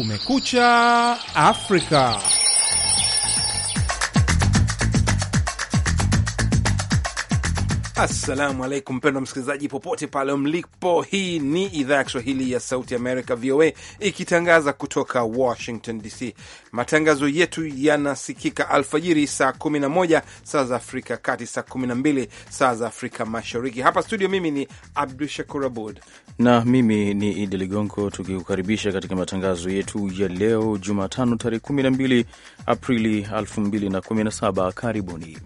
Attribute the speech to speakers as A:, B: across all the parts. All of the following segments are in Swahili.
A: Kumekucha Afrika. Assalamu alaikum, mpendwa msikilizaji popote pale mlipo. Hii ni idhaa ya Kiswahili ya Sauti Amerika, VOA, ikitangaza kutoka Washington DC. Matangazo yetu yanasikika alfajiri saa 11 saa za Afrika Kati, saa 12 saa za Afrika Mashariki. Hapa studio, mimi ni Abdu Shakur Abud
B: na mimi ni Idi Ligongo, tukikukaribisha katika matangazo yetu ya leo Jumatano tarehe 12 Aprili 2017. Karibuni.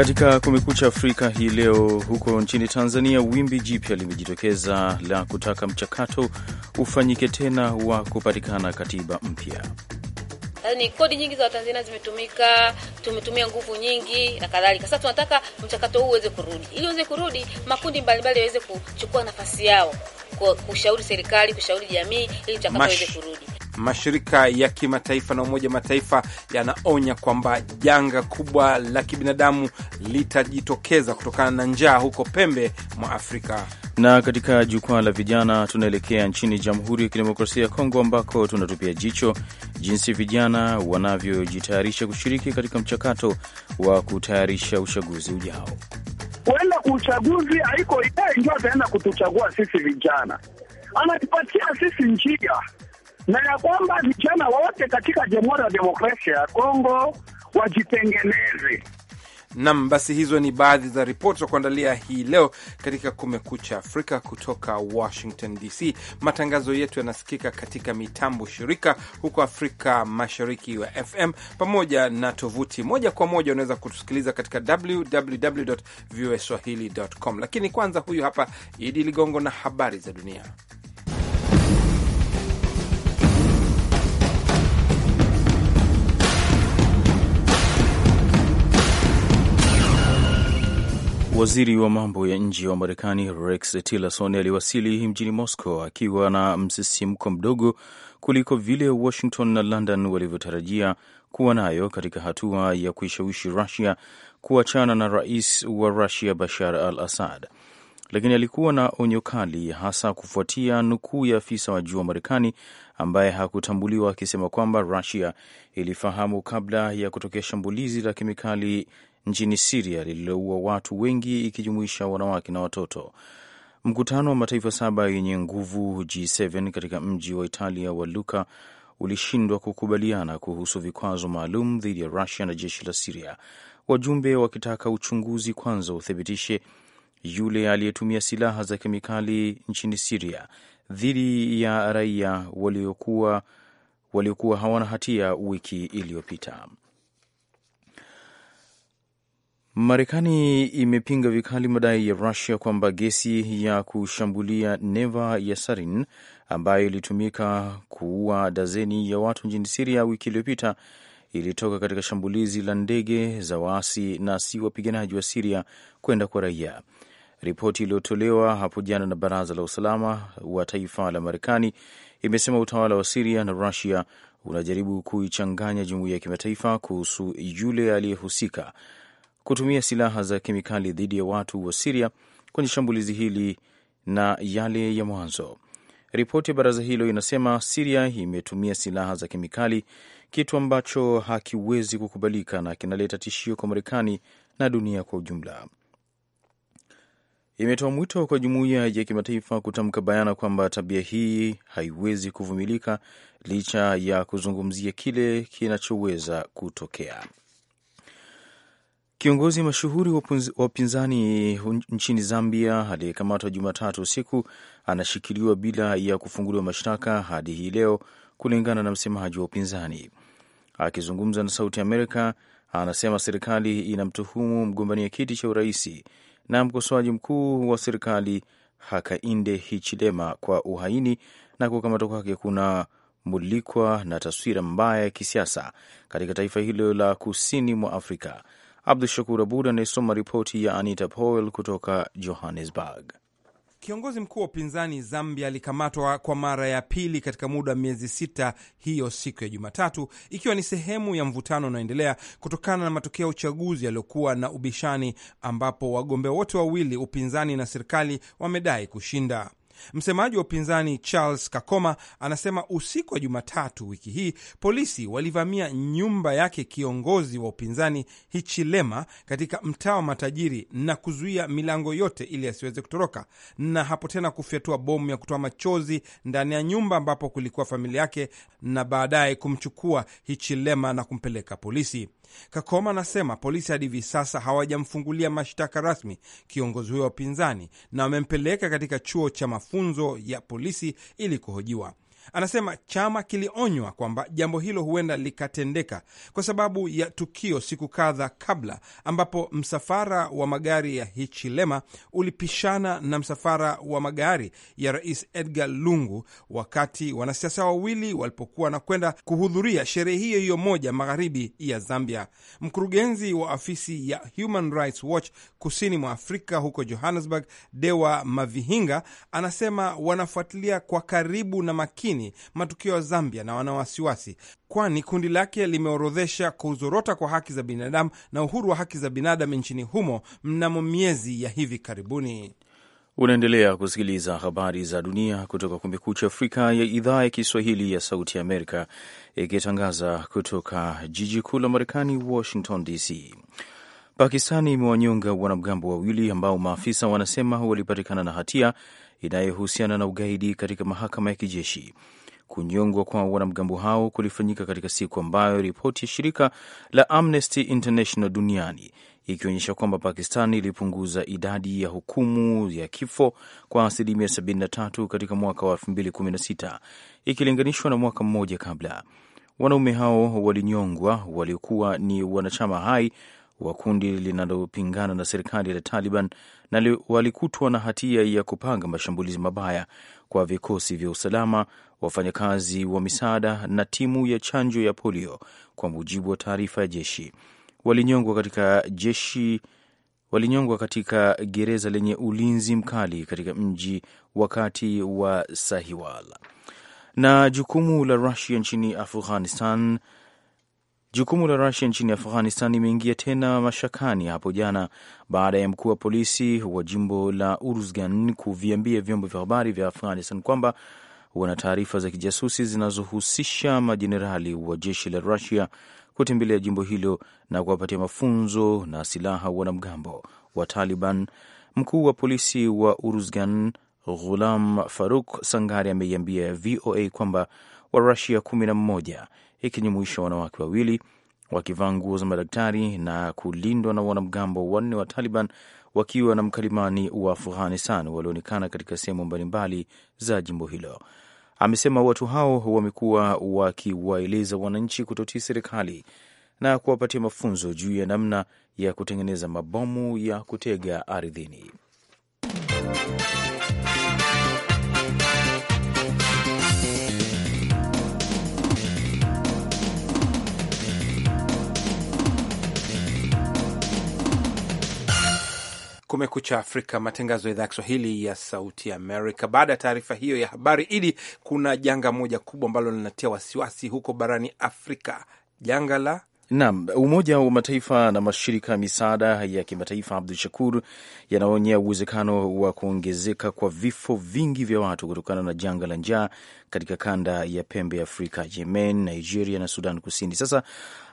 B: Katika Kumekucha Afrika hii leo, huko nchini Tanzania, wimbi jipya limejitokeza la kutaka mchakato ufanyike tena wa kupatikana katiba mpya.
C: Yaani kodi nyingi za Watanzania zimetumika, tumetumia nguvu nyingi na kadhalika. Sasa tunataka mchakato huu uweze kurudi, ili uweze kurudi, makundi mbalimbali yaweze kuchukua nafasi yao, kushauri serikali, kushauri jamii, ili mchakato uweze kurudi.
A: Mashirika ya kimataifa na Umoja Mataifa yanaonya kwamba janga kubwa la kibinadamu litajitokeza kutokana na njaa huko pembe mwa Afrika.
B: Na katika jukwaa la vijana, tunaelekea nchini Jamhuri ya Kidemokrasia ya Kongo, ambako tunatupia jicho jinsi vijana wanavyojitayarisha kushiriki katika mchakato wa kutayarisha uchaguzi ujao.
D: Kuenda kuuchaguzi haiko yeye ndio ataenda kutuchagua sisi vijana, anatupatia sisi njia na ya kwamba vijana wote katika Jamhuri ya Demokrasia ya Kongo wajitengeneze.
A: Nam, basi hizo ni baadhi za ripoti za kuandalia hii leo katika Kumekucha Afrika kutoka Washington DC. Matangazo yetu yanasikika katika mitambo shirika huko Afrika Mashariki wa FM pamoja na tovuti moja kwa moja. Unaweza kutusikiliza katika www voa com, lakini kwanza, huyu hapa Idi Ligongo na habari za dunia.
B: Waziri wa mambo ya nje wa Marekani Rex Tillerson aliwasili mjini Moscow akiwa na msisimko mdogo kuliko vile Washington na London walivyotarajia kuwa nayo katika hatua ya kuishawishi Rusia kuachana na rais wa Rusia Bashar al Assad, lakini alikuwa na onyo kali, hasa kufuatia nukuu ya afisa wa juu wa Marekani ambaye hakutambuliwa akisema kwamba Rusia ilifahamu kabla ya kutokea shambulizi la kemikali nchini Siria lililoua watu wengi ikijumuisha wanawake na watoto. Mkutano wa mataifa saba yenye nguvu G7 katika mji wa Italia wa Luka ulishindwa kukubaliana kuhusu vikwazo maalum dhidi ya Rusia na jeshi la Siria, wajumbe wakitaka uchunguzi kwanza uthibitishe yule aliyetumia silaha za kemikali nchini Siria dhidi ya raia waliokuwa waliokuwa hawana hatia wiki iliyopita. Marekani imepinga vikali madai ya Rusia kwamba gesi ya kushambulia neva ya sarin ambayo ilitumika kuua dazeni ya watu nchini Siria wiki iliyopita ilitoka katika shambulizi la ndege za waasi na si wapiganaji wa Siria kwenda kwa raia. Ripoti iliyotolewa hapo jana na Baraza la Usalama wa Taifa la Marekani imesema utawala wa Siria na Rusia unajaribu kuichanganya jumuiya ya kimataifa kuhusu yule aliyehusika kutumia silaha za kemikali dhidi ya watu wa Siria kwenye shambulizi hili na yale ya mwanzo. Ripoti ya baraza hilo inasema Siria imetumia silaha za kemikali, kitu ambacho hakiwezi kukubalika na kinaleta tishio kwa Marekani na dunia kwa ujumla. Imetoa mwito kwa jumuiya ya kimataifa kutamka bayana kwamba tabia hii haiwezi kuvumilika licha ya kuzungumzia kile kinachoweza kutokea. Kiongozi mashuhuri wa upinzani nchini Zambia aliyekamatwa Jumatatu usiku anashikiliwa bila ya kufunguliwa mashtaka hadi hii leo, kulingana na msemaji wa upinzani. Akizungumza na Sauti Amerika, anasema serikali inamtuhumu mgombania kiti cha urais na mkosoaji mkuu wa serikali Hakainde Hichilema kwa uhaini na kukamatwa kwake kuna mulikwa na taswira mbaya ya kisiasa katika taifa hilo la kusini mwa Afrika. Abdu Shakur Abud anayesoma ripoti ya Anita Powell kutoka Johannesburg.
A: Kiongozi mkuu wa upinzani Zambia alikamatwa kwa mara ya pili katika muda wa miezi sita hiyo siku ya Jumatatu, ikiwa ni sehemu ya mvutano unaoendelea kutokana na matokeo ya uchaguzi yaliyokuwa na ubishani, ambapo wagombea wote wawili upinzani na serikali wamedai kushinda. Msemaji wa upinzani Charles Kakoma anasema usiku wa Jumatatu wiki hii polisi walivamia nyumba yake kiongozi wa upinzani Hichilema katika mtaa wa matajiri na kuzuia milango yote ili asiweze kutoroka, na hapo tena kufyatua bomu ya kutoa machozi ndani ya nyumba ambapo kulikuwa familia yake, na baadaye kumchukua Hichilema na kumpeleka polisi. Kakoma anasema polisi hadi hivi sasa hawajamfungulia mashtaka rasmi kiongozi huyo wa upinzani na wamempeleka katika chuo cha mafunzo ya polisi ili kuhojiwa. Anasema chama kilionywa kwamba jambo hilo huenda likatendeka kwa sababu ya tukio siku kadha kabla, ambapo msafara wa magari ya Hichilema ulipishana na msafara wa magari ya Rais Edgar Lungu wakati wanasiasa wawili walipokuwa na kwenda kuhudhuria sherehe hiyo hiyo moja magharibi ya Zambia. Mkurugenzi wa afisi ya Human Rights Watch kusini mwa Afrika huko Johannesburg, Dewa Mavihinga anasema wanafuatilia kwa karibu na makini makini matukio ya Zambia na wana wasiwasi, kwani kundi lake limeorodhesha kuzorota kwa haki za binadamu na uhuru wa haki za binadamu nchini humo mnamo miezi ya hivi karibuni.
B: Unaendelea kusikiliza habari za dunia kutoka Kumekucha Afrika ya idhaa ya Kiswahili ya Sauti ya Amerika, ikitangaza kutoka jiji kuu la Marekani, Washington DC. Pakistani imewanyonga wanamgambo wawili ambao maafisa wanasema walipatikana na hatia inayohusiana na ugaidi katika mahakama ya kijeshi. Kunyongwa kwa wanamgambo hao kulifanyika katika siku ambayo ripoti ya shirika la Amnesty International duniani ikionyesha kwamba Pakistan ilipunguza idadi ya hukumu ya kifo kwa asilimia 73 katika mwaka wa 2016 ikilinganishwa na mwaka mmoja kabla. Wanaume hao walinyongwa waliokuwa ni wanachama hai wa kundi linalopingana na serikali la Taliban na walikutwa na hatia ya kupanga mashambulizi mabaya kwa vikosi vya usalama, wafanyakazi wa misaada na timu ya chanjo ya polio, kwa mujibu wa taarifa ya jeshi. Walinyongwa katika jeshi walinyongwa katika gereza lenye ulinzi mkali katika mji wakati wa Sahiwal. Na jukumu la Rusia nchini Afghanistan Jukumu la Rusia nchini Afghanistan imeingia tena mashakani hapo jana baada ya mkuu wa polisi wa jimbo la Uruzgan kuviambia vyombo vya habari vya Afghanistan kwamba wana taarifa za kijasusi zinazohusisha majenerali wa jeshi la Rusia kutembelea jimbo hilo na kuwapatia mafunzo na silaha wanamgambo wa Taliban. Mkuu wa polisi wa Uruzgan Ghulam Faruk Sangari ameiambia VOA kwamba Warusia kumi na mmoja hiki ni mwisho wa wanawake wawili wakivaa nguo za madaktari na kulindwa na wanamgambo wanne wa Taliban wakiwa na mkalimani wa Afghanistan walioonekana katika sehemu mbalimbali za jimbo hilo. Amesema watu hao wamekuwa wakiwaeleza wananchi kutotii serikali na kuwapatia mafunzo juu ya namna ya kutengeneza mabomu ya kutega ardhini.
A: Kumekucha Afrika, matangazo ya idhaa ya Kiswahili ya Sauti Amerika. Baada ya taarifa hiyo ya habari, Idi, kuna janga moja kubwa ambalo linatia wasiwasi huko barani Afrika, janga la
B: Naam, Umoja wa Mataifa na mashirika ya misaada ya kimataifa, Abdu Shakur, yanaonya uwezekano wa kuongezeka kwa vifo vingi vya watu kutokana na janga la njaa katika kanda ya pembe ya Afrika, Yemen, Nigeria na Sudan Kusini. Sasa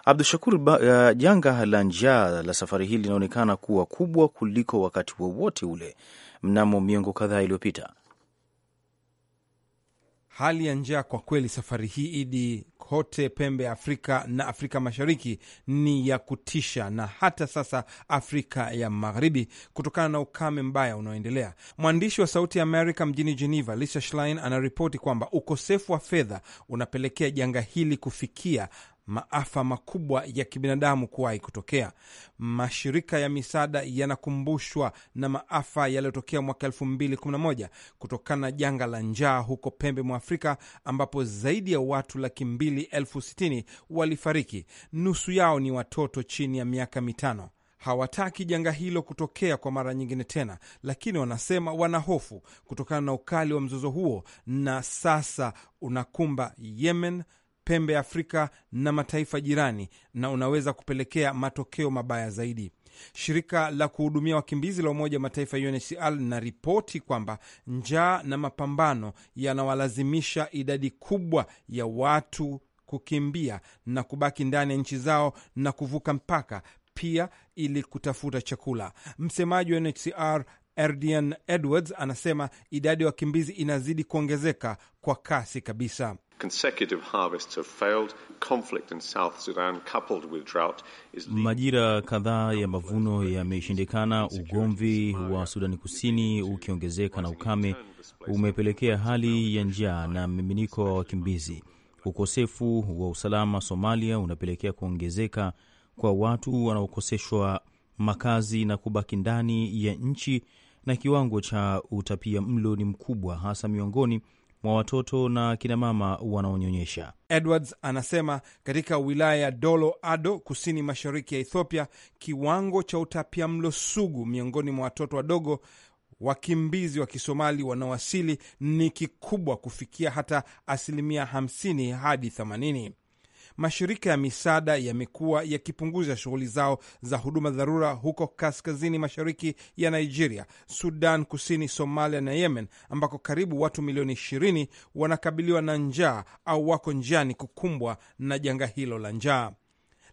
B: Abdu Shakur, uh, janga la njaa la safari hii linaonekana kuwa kubwa kuliko wakati wowote wa ule mnamo miongo kadhaa iliyopita.
A: Hali ya njaa kwa kweli safari hii idi kote pembe ya Afrika na Afrika Mashariki ni ya kutisha, na hata sasa Afrika ya Magharibi, kutokana na ukame mbaya unaoendelea. Mwandishi wa Sauti ya Amerika mjini Geneva, Lisa Schlein, anaripoti kwamba ukosefu wa fedha unapelekea janga hili kufikia maafa makubwa ya kibinadamu kuwahi kutokea. Mashirika ya misaada yanakumbushwa na maafa yaliyotokea mwaka 2011 kutokana na janga la njaa huko pembe mwa Afrika, ambapo zaidi ya watu laki mbili elfu sitini walifariki, nusu yao ni watoto chini ya miaka mitano. Hawataki janga hilo kutokea kwa mara nyingine tena, lakini wanasema wana hofu kutokana na ukali wa mzozo huo, na sasa unakumba Yemen, pembe ya Afrika na mataifa jirani, na unaweza kupelekea matokeo mabaya zaidi. Shirika la kuhudumia wakimbizi la Umoja wa Mataifa UNHCR linaripoti kwamba njaa na mapambano yanawalazimisha idadi kubwa ya watu kukimbia na kubaki ndani ya nchi zao na kuvuka mpaka pia ili kutafuta chakula. Msemaji wa UNHCR Erdian Edwards anasema idadi ya wakimbizi inazidi kuongezeka kwa kasi
B: kabisa. Majira kadhaa ya mavuno yameshindikana, ugomvi wa Sudani Kusini ukiongezeka na ukame umepelekea hali ya njaa na mmiminiko wa wakimbizi. Ukosefu wa usalama Somalia unapelekea kuongezeka kwa watu wanaokoseshwa makazi na kubaki ndani ya nchi na kiwango cha utapia mlo ni mkubwa hasa miongoni mwa watoto na kinamama wanaonyonyesha.
A: Edwards anasema katika wilaya ya Dolo Ado, kusini mashariki ya Ethiopia, kiwango cha utapia mlo sugu miongoni mwa watoto wadogo wakimbizi wa Kisomali wanaowasili ni kikubwa kufikia hata asilimia 50 hadi mashirika ya misaada yamekuwa yakipunguza shughuli zao za huduma dharura huko kaskazini mashariki ya Nigeria, Sudan Kusini, Somalia na Yemen, ambako karibu watu milioni 20 wanakabiliwa na njaa au wako njiani kukumbwa na janga hilo la njaa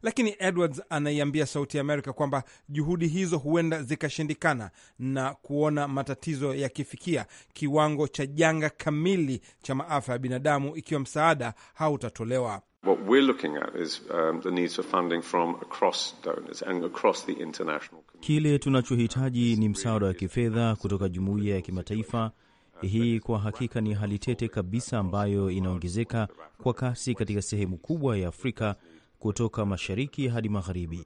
A: lakini Edwards anaiambia Sauti ya Amerika kwamba juhudi hizo huenda zikashindikana na kuona matatizo yakifikia kiwango cha janga kamili cha maafa ya binadamu ikiwa msaada hautatolewa.
B: Kile tunachohitaji ni msaada wa kifedha kutoka jumuiya ya kimataifa. Hii kwa hakika ni hali tete kabisa ambayo inaongezeka kwa kasi katika sehemu kubwa ya Afrika kutoka mashariki hadi magharibi,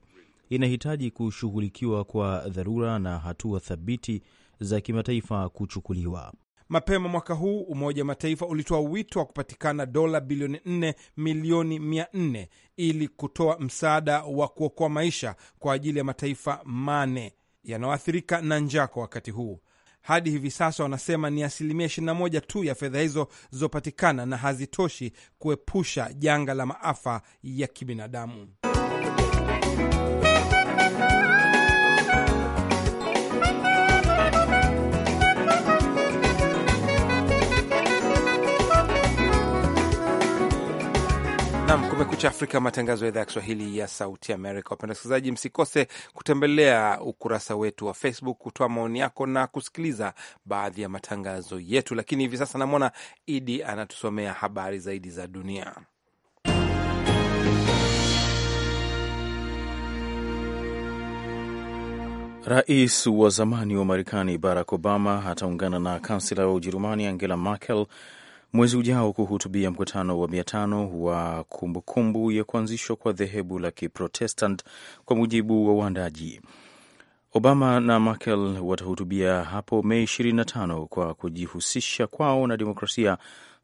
B: inahitaji kushughulikiwa kwa dharura na hatua thabiti za kimataifa kuchukuliwa.
A: Mapema mwaka huu Umoja wa Mataifa ulitoa wito wa kupatikana dola bilioni 4 milioni 400 ili kutoa msaada wa kuokoa maisha kwa ajili ya mataifa mane yanayoathirika na njaa kwa wakati huu. Hadi hivi sasa wanasema ni asilimia 21 tu ya fedha hizo zilizopatikana na hazitoshi kuepusha janga la maafa ya kibinadamu. Nam kumekucha Afrika, matangazo ya idhaa ya Kiswahili ya Sauti Amerika. Wapenda wasikilizaji, msikose kutembelea ukurasa wetu wa Facebook kutoa maoni yako na kusikiliza baadhi ya matangazo yetu. Lakini hivi sasa namwona Idi anatusomea habari zaidi za dunia.
B: Rais wa zamani wa Marekani Barack Obama ataungana na kansela wa Ujerumani Angela Merkel mwezi ujao kuhutubia mkutano wa mia tano wa kumbukumbu ya kuanzishwa kwa dhehebu la Kiprotestant kwa mujibu wa uandaji. Obama na Merkel watahutubia hapo Mei 25 kwa kujihusisha kwao na demokrasia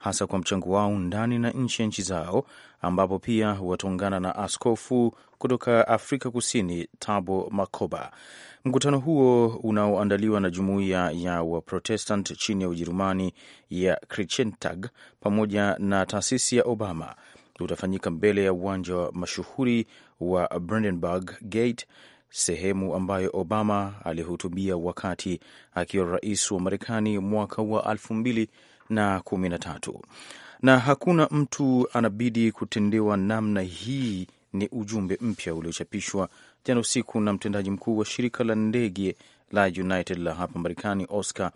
B: hasa kwa mchango wao ndani na nchi ya nchi zao, ambapo pia wataungana na askofu kutoka Afrika Kusini tabo Makoba. Mkutano huo unaoandaliwa na jumuiya ya Waprotestant chini ya Ujerumani ya Christiantag pamoja na taasisi ya Obama utafanyika mbele ya uwanja wa mashuhuri wa Brandenburg Gate, sehemu ambayo Obama alihutubia wakati akiwa rais wa Marekani mwaka wa elfu mbili na kumi na tatu na hakuna mtu anabidi kutendewa namna hii. Ni ujumbe mpya uliochapishwa jana usiku na mtendaji mkuu wa shirika la ndege la United la hapa Marekani, Oscar,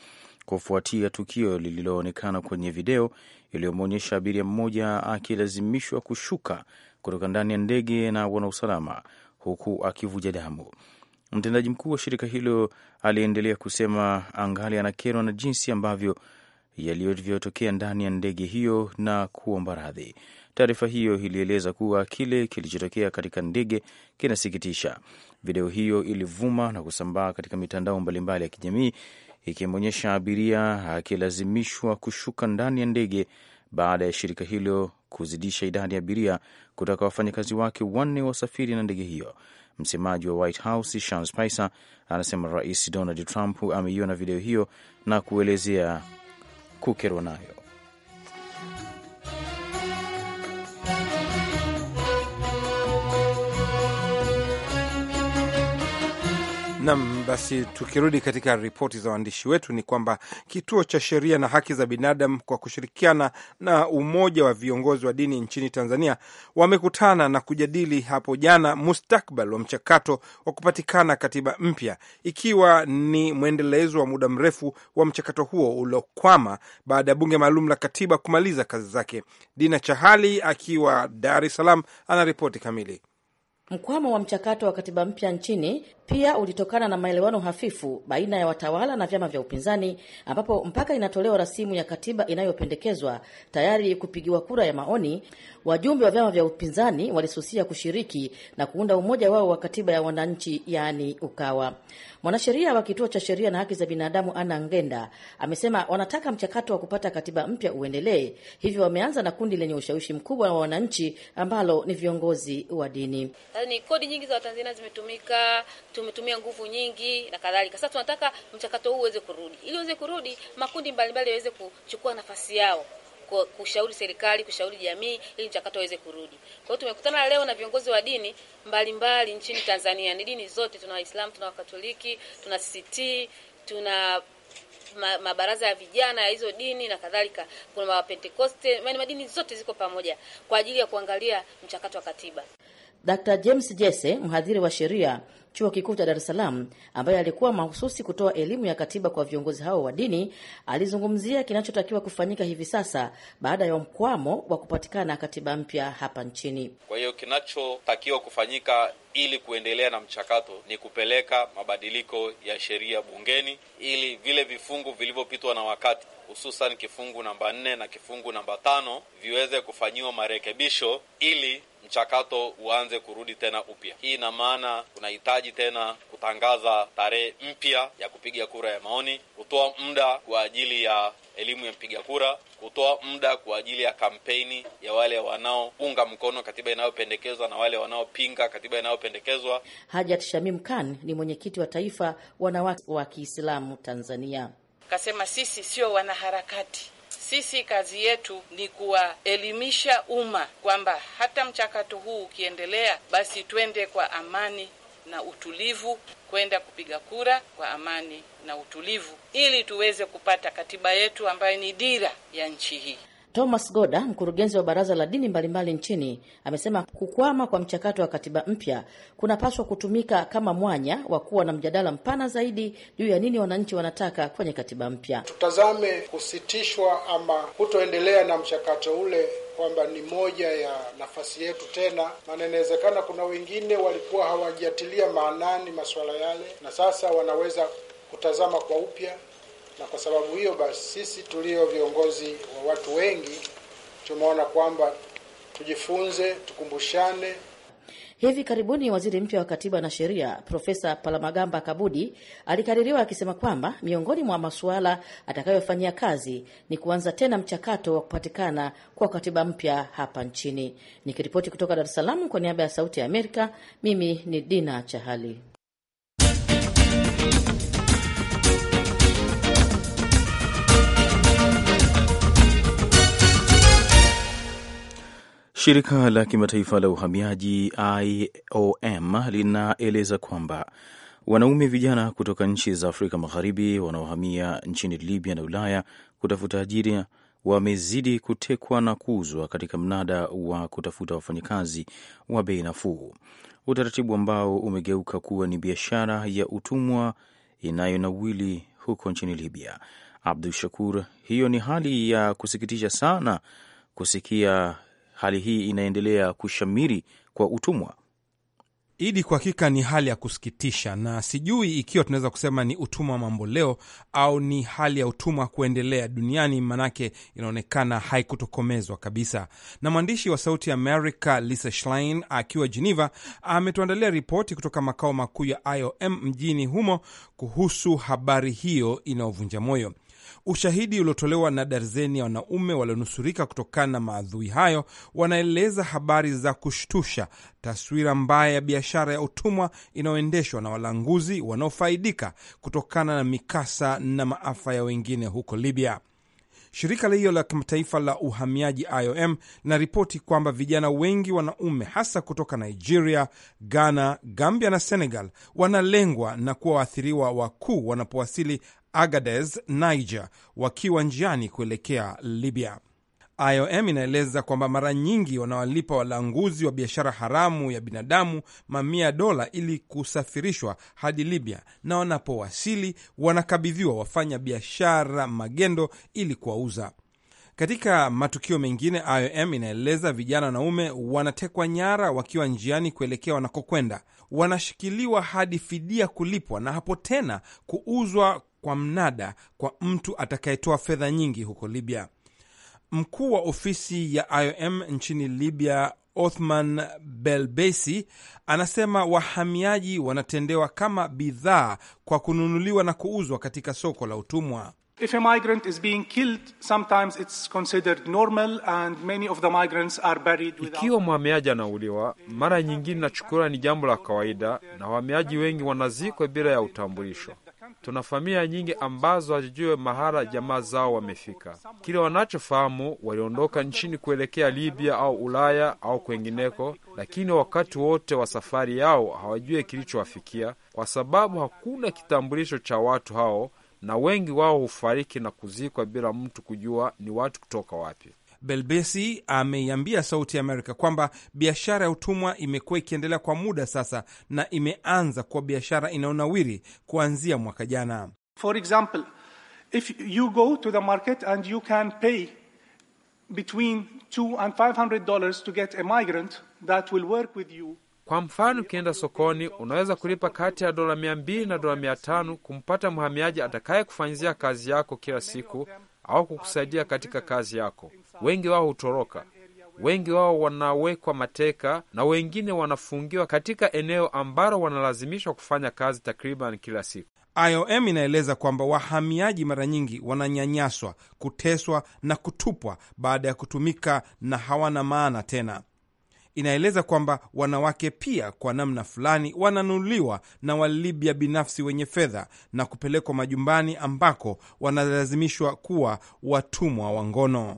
B: kufuatia tukio lililoonekana kwenye video iliyomwonyesha abiria mmoja akilazimishwa kushuka kutoka ndani ya ndege na wanausalama huku akivuja damu. Mtendaji mkuu wa shirika hilo aliendelea kusema angali anakerwa na jinsi ambavyo yaliyovyotokea ndani ya ndege hiyo na kuomba radhi. Taarifa hiyo ilieleza kuwa kile kilichotokea katika ndege kinasikitisha. Video hiyo ilivuma na kusambaa katika mitandao mbalimbali ya kijamii ikimwonyesha abiria akilazimishwa kushuka ndani ya ndege baada ya shirika hilo kuzidisha idadi ya abiria kutoka wafanyakazi wake wanne wasafiri na ndege hiyo. Msemaji wa White House Sean Spicer anasema Rais Donald Trump ameiona video hiyo na kuelezea kukerwa nayo.
A: Nam, basi tukirudi katika ripoti za waandishi wetu ni kwamba kituo cha sheria na haki za binadamu kwa kushirikiana na umoja wa viongozi wa dini nchini Tanzania wamekutana na kujadili hapo jana mustakbal wa mchakato wa kupatikana katiba mpya, ikiwa ni mwendelezo wa muda mrefu wa mchakato huo uliokwama baada ya bunge maalum la katiba kumaliza kazi zake. Dina Chahali akiwa Dar es Salaam ana ripoti kamili.
C: Mkwamo wa mchakato wa katiba mpya nchini pia ulitokana na maelewano hafifu baina ya watawala na vyama vya upinzani, ambapo mpaka inatolewa rasimu ya katiba inayopendekezwa tayari kupigiwa kura ya maoni, wajumbe wa vyama vya upinzani walisusia kushiriki na kuunda umoja wao wa katiba ya wananchi, yaani Ukawa. Mwanasheria wa Kituo cha Sheria na Haki za Binadamu Ana Ngenda amesema wanataka mchakato wa kupata katiba mpya uendelee, hivyo wameanza na kundi lenye ushawishi mkubwa wa wananchi ambalo ni viongozi wa dini. Yaani kodi nyingi za Watanzania zimetumika tumetumia nguvu nyingi na kadhalika. Sasa tunataka mchakato huu uweze kurudi, ili uweze kurudi, makundi mbalimbali yaweze kuchukua nafasi yao kushauri serikali, kushauri jamii ili mchakato aweze kurudi. Kwa hiyo tumekutana leo na viongozi wa dini mbalimbali mbali nchini Tanzania. Ni dini zote, tuna Waislamu, tuna Wakatoliki, tuna CCT, tuna mabaraza ya vijana ya hizo dini na kadhalika, kuna Wapentekoste, yaani madini zote ziko pamoja kwa ajili ya kuangalia mchakato wa katiba. Dr. James Jesse, mhadhiri wa sheria chuo kikuu cha Dar es Salaam, ambaye alikuwa mahususi kutoa elimu ya katiba kwa viongozi hao wa dini, alizungumzia kinachotakiwa kufanyika hivi sasa baada ya mkwamo wa kupatikana katiba mpya hapa nchini.
A: Kwa hiyo kinachotakiwa kufanyika ili kuendelea na mchakato ni kupeleka mabadiliko ya sheria bungeni ili vile vifungu vilivyopitwa na wakati hususan kifungu namba nne na kifungu namba tano viweze kufanyiwa marekebisho ili mchakato uanze kurudi tena upya. Hii ina
B: maana kunahitaji tena kutangaza tarehe mpya ya kupiga kura ya maoni, kutoa muda kwa ajili ya elimu ya mpiga kura, kutoa muda kwa ajili ya kampeni
A: ya wale wanaounga mkono katiba inayopendekezwa na wale wanaopinga katiba inayopendekezwa.
C: Hajat Shamim Khan ni mwenyekiti wa taifa wanawake wa Kiislamu Tanzania,
A: kasema sisi sio wanaharakati sisi kazi yetu ni kuwaelimisha umma kwamba hata mchakato huu ukiendelea, basi twende kwa amani na utulivu kwenda kupiga kura kwa amani na utulivu, ili tuweze kupata katiba yetu ambayo ni dira ya nchi hii.
C: Thomas Goda, mkurugenzi wa baraza la dini mbalimbali nchini, amesema kukwama kwa mchakato wa katiba mpya kunapaswa kutumika kama mwanya wa kuwa na mjadala mpana zaidi juu ya nini wananchi wanataka kwenye katiba mpya.
E: Tutazame kusitishwa ama kutoendelea na mchakato ule kwamba ni moja ya nafasi yetu tena, maana inawezekana kuna wengine walikuwa hawajatilia maanani masuala yale, na sasa wanaweza kutazama kwa upya na kwa sababu hiyo basi sisi tulio viongozi wa watu wengi tumeona kwamba tujifunze, tukumbushane.
C: Hivi karibuni waziri mpya wa katiba na sheria Profesa Palamagamba Kabudi alikaririwa akisema kwamba miongoni mwa masuala atakayofanyia kazi ni kuanza tena mchakato wa kupatikana kwa katiba mpya hapa nchini. Nikiripoti kutoka Dar es Salaam kwa niaba ya Sauti ya Amerika, mimi ni Dina Chahali.
B: Shirika la kimataifa la uhamiaji IOM linaeleza kwamba wanaume vijana kutoka nchi za Afrika Magharibi wanaohamia nchini Libya na Ulaya kutafuta ajira wamezidi kutekwa na kuuzwa katika mnada wa kutafuta wafanyakazi wa bei nafuu, utaratibu ambao umegeuka kuwa ni biashara ya utumwa inayonawili huko nchini Libya. Abdu Shakur, hiyo ni hali ya kusikitisha sana kusikia hali hii inaendelea kushamiri kwa utumwa. Idi, kwa
A: hakika ni hali ya kusikitisha, na sijui ikiwa tunaweza kusema ni utumwa wa mambo leo au ni hali ya utumwa kuendelea duniani, manake inaonekana haikutokomezwa kabisa. Na mwandishi wa Sauti ya America Lisa Schlein akiwa Geneva ametuandalia ripoti kutoka makao makuu ya IOM mjini humo kuhusu habari hiyo inayovunja moyo. Ushahidi uliotolewa na darzeni ya wanaume walionusurika kutokana na maadhui hayo wanaeleza habari za kushtusha, taswira mbaya ya biashara ya utumwa inayoendeshwa na walanguzi wanaofaidika kutokana na mikasa na maafa ya wengine huko Libya. Shirika hilo la kimataifa la uhamiaji IOM linaripoti kwamba vijana wengi wanaume hasa kutoka Nigeria, Ghana, Gambia na Senegal wanalengwa na kuwa waathiriwa wakuu wanapowasili Agadez, Niger, wakiwa njiani kuelekea Libya. IOM inaeleza kwamba mara nyingi wanawalipa walanguzi wa biashara haramu ya binadamu mamia ya dola ili kusafirishwa hadi Libya, na wanapowasili wanakabidhiwa wafanya biashara magendo ili kuwauza. Katika matukio mengine, IOM inaeleza vijana wanaume wanatekwa nyara wakiwa njiani kuelekea wanakokwenda, wanashikiliwa hadi fidia kulipwa, na hapo tena kuuzwa kwa mnada kwa mtu atakayetoa fedha nyingi huko Libya. Mkuu wa ofisi ya IOM nchini Libya Othman Belbesi anasema wahamiaji wanatendewa kama bidhaa kwa kununuliwa na kuuzwa katika soko la
E: utumwa. If a migrant is being killed, sometimes it's considered normal and many of the migrants are buried without... Ikiwa mhamiaji anauliwa, mara nyingine inachukuliwa ni jambo la kawaida, na wahamiaji wengi wanazikwa bila ya utambulisho. Tuna familia nyingi ambazo hazijue mahala jamaa zao wamefika. Kile wanachofahamu waliondoka nchini kuelekea Libya au Ulaya au kwengineko, lakini wakati wote wa safari yao hawajue kilichowafikia, kwa sababu hakuna kitambulisho cha watu hao, na wengi wao hufariki na kuzikwa bila mtu kujua ni watu kutoka wapi. Belbesi
A: ameiambia Sauti ya Amerika kwamba biashara ya utumwa imekuwa ikiendelea kwa muda sasa na imeanza kuwa biashara inayonawiri kuanzia mwaka jana. For example,
E: if you go to the market and you can pay between and $500 to get a migrant that will work with you. Kwa mfano, ukienda sokoni unaweza kulipa kati ya dola mia mbili na dola mia tano kumpata mhamiaji atakaye kazi yako kila siku au kukusaidia katika kazi yako. Wengi wao hutoroka, wengi wao wanawekwa mateka na wengine wanafungiwa katika eneo ambalo wanalazimishwa kufanya kazi takriban kila siku.
A: IOM inaeleza kwamba wahamiaji mara nyingi wananyanyaswa, kuteswa na kutupwa baada ya kutumika na hawana maana tena. Inaeleza kwamba wanawake pia kwa namna fulani wananunuliwa na Walibya binafsi wenye fedha na kupelekwa majumbani ambako wanalazimishwa kuwa watumwa wa ngono.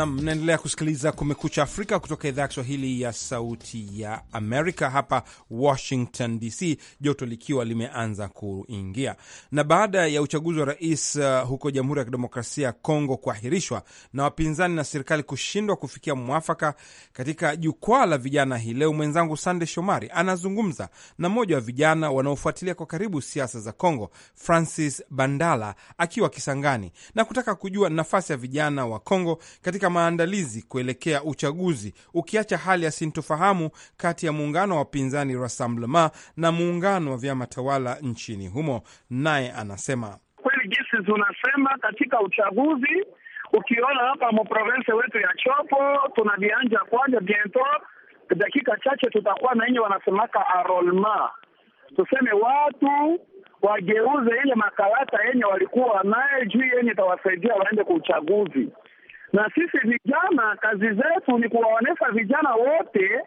A: Nam, mnaendelea kusikiliza Kumekucha Afrika kutoka idhaa ya Kiswahili ya Sauti ya Amerika hapa Washington DC, joto likiwa limeanza kuingia. Na baada ya uchaguzi wa rais uh, huko Jamhuri ya Kidemokrasia ya Kongo kuahirishwa na wapinzani na serikali kushindwa kufikia mwafaka, katika jukwaa la vijana hii leo mwenzangu Sande Shomari anazungumza na mmoja wa vijana wanaofuatilia kwa karibu siasa za Kongo, Francis Bandala akiwa Kisangani, na kutaka kujua nafasi ya vijana wa Kongo katika maandalizi kuelekea uchaguzi, ukiacha hali ya sintofahamu kati ya muungano wa upinzani Rassemblement na muungano wa vyama tawala nchini humo. Naye anasema
D: kweli, jinsi tunasema katika uchaguzi, ukiona hapa mprovense wetu ya Chopo tuna vianja kwanja biento, dakika chache tutakuwa na enye wanasemaka arolma, tuseme watu wageuze ile makarata yenye walikuwa naye juu yenye itawasaidia waende kwa uchaguzi na sisi vijana kazi zetu ni kuwaonesha vijana wote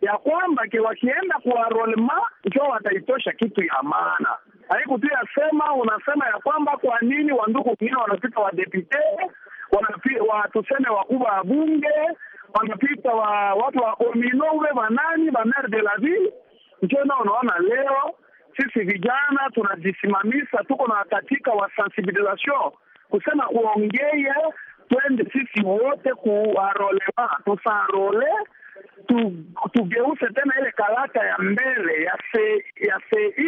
D: ya kwamba ke wakienda kwa rolma njo wataitosha kitu ya maana. Haiku tu yasema unasema ya kwamba kwa nini wanduku wengine wanapita wadepute wa tuseme wakubwa wa bunge wanapita wa watu wa uwe wanani bamere de la ville. Njo na unaona leo sisi vijana tunajisimamisa tuko na katika wa sensibilisation kusema kuongea twende sisi wote kuwarolewa, tusarole tu, tena ile karata ya mbele ya se, ya sei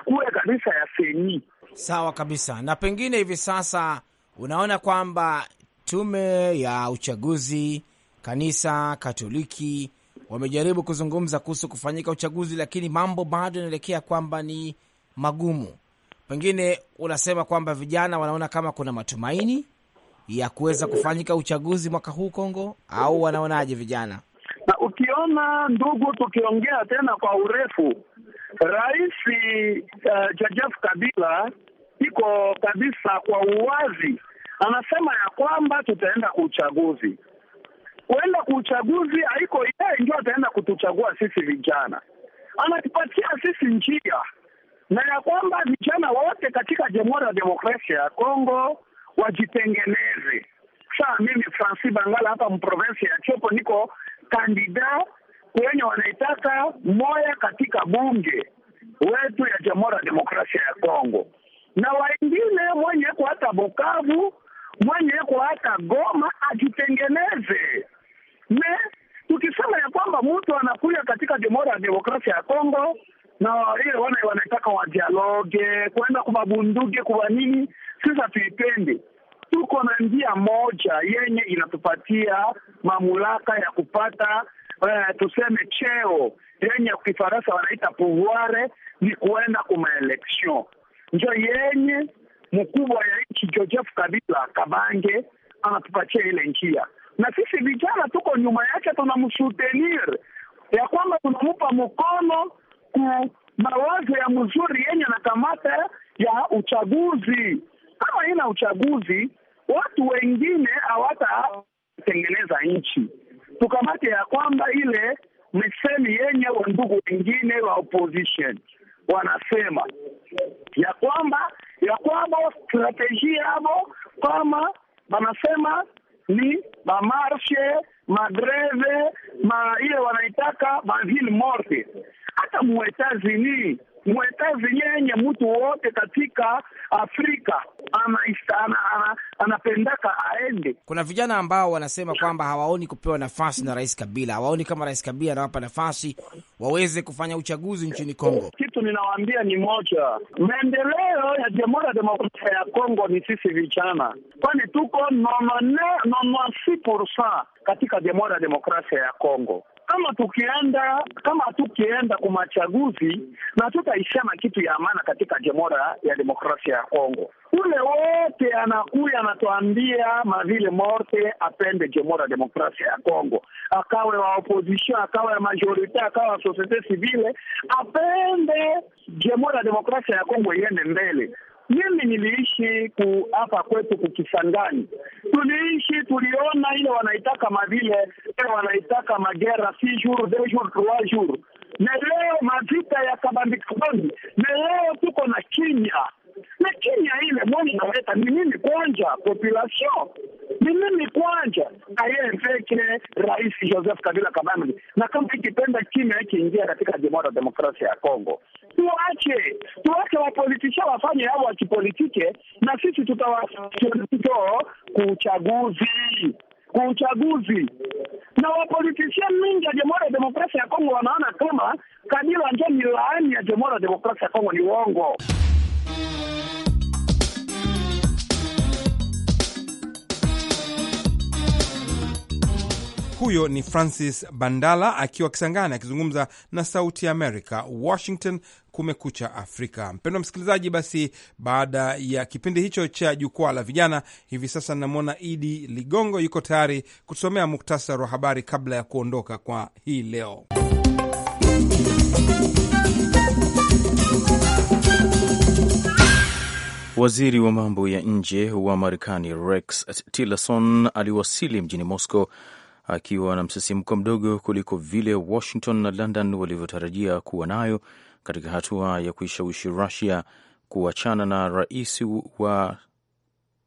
D: ikuwe kabisa ya seni.
B: Sawa kabisa. Na pengine hivi sasa unaona kwamba tume ya uchaguzi, kanisa Katoliki wamejaribu kuzungumza kuhusu kufanyika uchaguzi, lakini mambo bado yanaelekea kwamba ni magumu. Pengine unasema kwamba vijana wanaona kama kuna matumaini ya
D: kuweza kufanyika uchaguzi
B: mwaka huu Kongo, au wanaonaje vijana?
D: Na ukiona ndugu, tukiongea tena kwa urefu, Rais uh, Joseph Kabila iko kabisa kwa uwazi anasema ya kwamba tutaenda kuuchaguzi. Kuenda kuuchaguzi haiko yeye ndio ataenda kutuchagua sisi vijana, anatupatia sisi njia na ya kwamba vijana wote katika Jamhuri ya Demokrasia ya Kongo wajitengeneze. Saa mimi Francis Bangala hapa mprovensi ya Chopo niko kandida kwenye wanaitaka moya katika bunge wetu ya Jamhuri ya Demokrasia ya Kongo, na wengine mwenye ko hata Bukavu, mwenye ko hata Goma ajitengeneze. Me tukisema ya kwamba mtu anakuja katika Jamhuri ya Demokrasia ya Kongo na ile wana wanaitaka wadialoge kwenda kubabunduge kuwa nini sasa tuipende. Tuko na njia moja yenye inatupatia mamlaka ya kupata uh, tuseme cheo yenye kifaransa wanaita pouvoir, ni kuenda kumaelection, njo yenye mkubwa ya nchi Joseph Kabila Kabange anatupatia ile njia, na sisi vijana tuko nyuma yake, tunamsutenir ya kwamba tunamupa mkono ku mawazo ya mzuri yenye na kamata ya uchaguzi kama haina uchaguzi, watu wengine hawatatengeneza nchi. Tukamate ya kwamba ile misemi yenye wandugu wengine wa opposition wanasema ya kwamba ya kwamba strategia yavo kama wanasema ni mamarshe magreve ma ile wanaitaka maville morte hata muwetazi ni muwetazi nyenye mtu wote katika Afrika ana, ana, ana, anapendaka aende.
B: Kuna vijana ambao wanasema kwamba hawaoni kupewa nafasi na Rais Kabila, hawaoni kama Rais Kabila anawapa
D: nafasi waweze kufanya uchaguzi nchini Kongo. Kitu ninawaambia ni moja, maendeleo ya Jamhuri ya Demokrasia ya Kongo ni sisi vijana, kwani tuko nomasi pursa katika Jamhuri ya Demokrasia ya Kongo kama tukienda kama hatukienda kwa machaguzi na tutaishana kitu ya amana katika Jamhuri ya Demokrasia ya Kongo. Ule wote anakuya anatuambia mavile morte apende Jamhuri ya Demokrasia ya Kongo, akawe wa opposition, akawe ya majorite, akawe wa societe civile, apende Jamhuri ya Demokrasia ya Kongo iende mbele. Mimi niliishi ku hapa kwetu kukisangani, tuliishi tuliona ile wanaitaka mavile wanaitaka magera si jour deux jour trois jours, na leo mavita ya kabambi kabambi, na leo tuko na kimya lakini aile mbona inaleta ni mimi kwanja, population ni mimi kwanja aliyefeke Rais Joseph Kabila Kabange, na kama ikipenda kimya ikiingia katika Jamhuri ya Demokrasia ya Kongo, tuache tuache wapolitisha wafanye au wakipolitike, na sisi tutawasito kuchaguzi kwa uchaguzi na wapolitisia mingi ya Jamhuri ya Demokrasia ya Kongo wanaona kama Kabila njo ni laani ya Jamhuri ya Demokrasia ya Kongo. Ni uongo.
A: Huyo ni Francis Bandala akiwa Kisangani akizungumza na Sauti ya Amerika, Washington. Kumekucha Afrika. Mpendwa msikilizaji, basi baada ya kipindi hicho cha Jukwaa la Vijana, hivi sasa namwona Idi Ligongo yuko tayari kutusomea muktasari wa habari kabla ya kuondoka kwa hii leo.
B: Waziri wa mambo ya nje wa Marekani Rex Tillerson aliwasili mjini Moscow akiwa na msisimko mdogo kuliko vile Washington na London walivyotarajia kuwa nayo katika hatua ya kuishawishi rusia kuachana na rais wa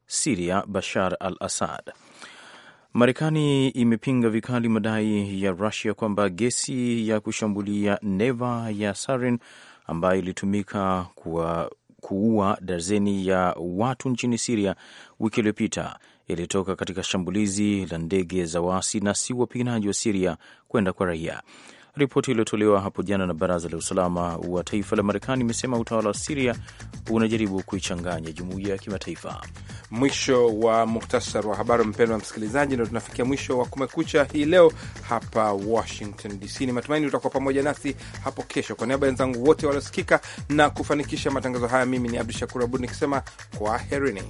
B: Siria Bashar al-Assad. Marekani imepinga vikali madai ya Rusia kwamba gesi ya kushambulia neva ya sarin ambayo ilitumika kuwa kuua darzeni ya watu nchini Siria wiki iliyopita ilitoka katika shambulizi la ndege za waasi na si wapiganaji wa Siria kwenda kwa raia. Ripoti iliyotolewa hapo jana na Baraza la Usalama wa Taifa la Marekani imesema utawala wa Siria unajaribu kuichanganya jumuiya ya kimataifa. Mwisho wa muhtasari wa habari,
A: mpendwa msikilizaji, ndio tunafikia mwisho wa Kumekucha hii leo hapa Washington DC. Ni matumaini utakuwa pamoja nasi hapo kesho. Kwa niaba ya wenzangu wote waliosikika na kufanikisha matangazo haya, mimi ni Abdu Shakur Abud nikisema herini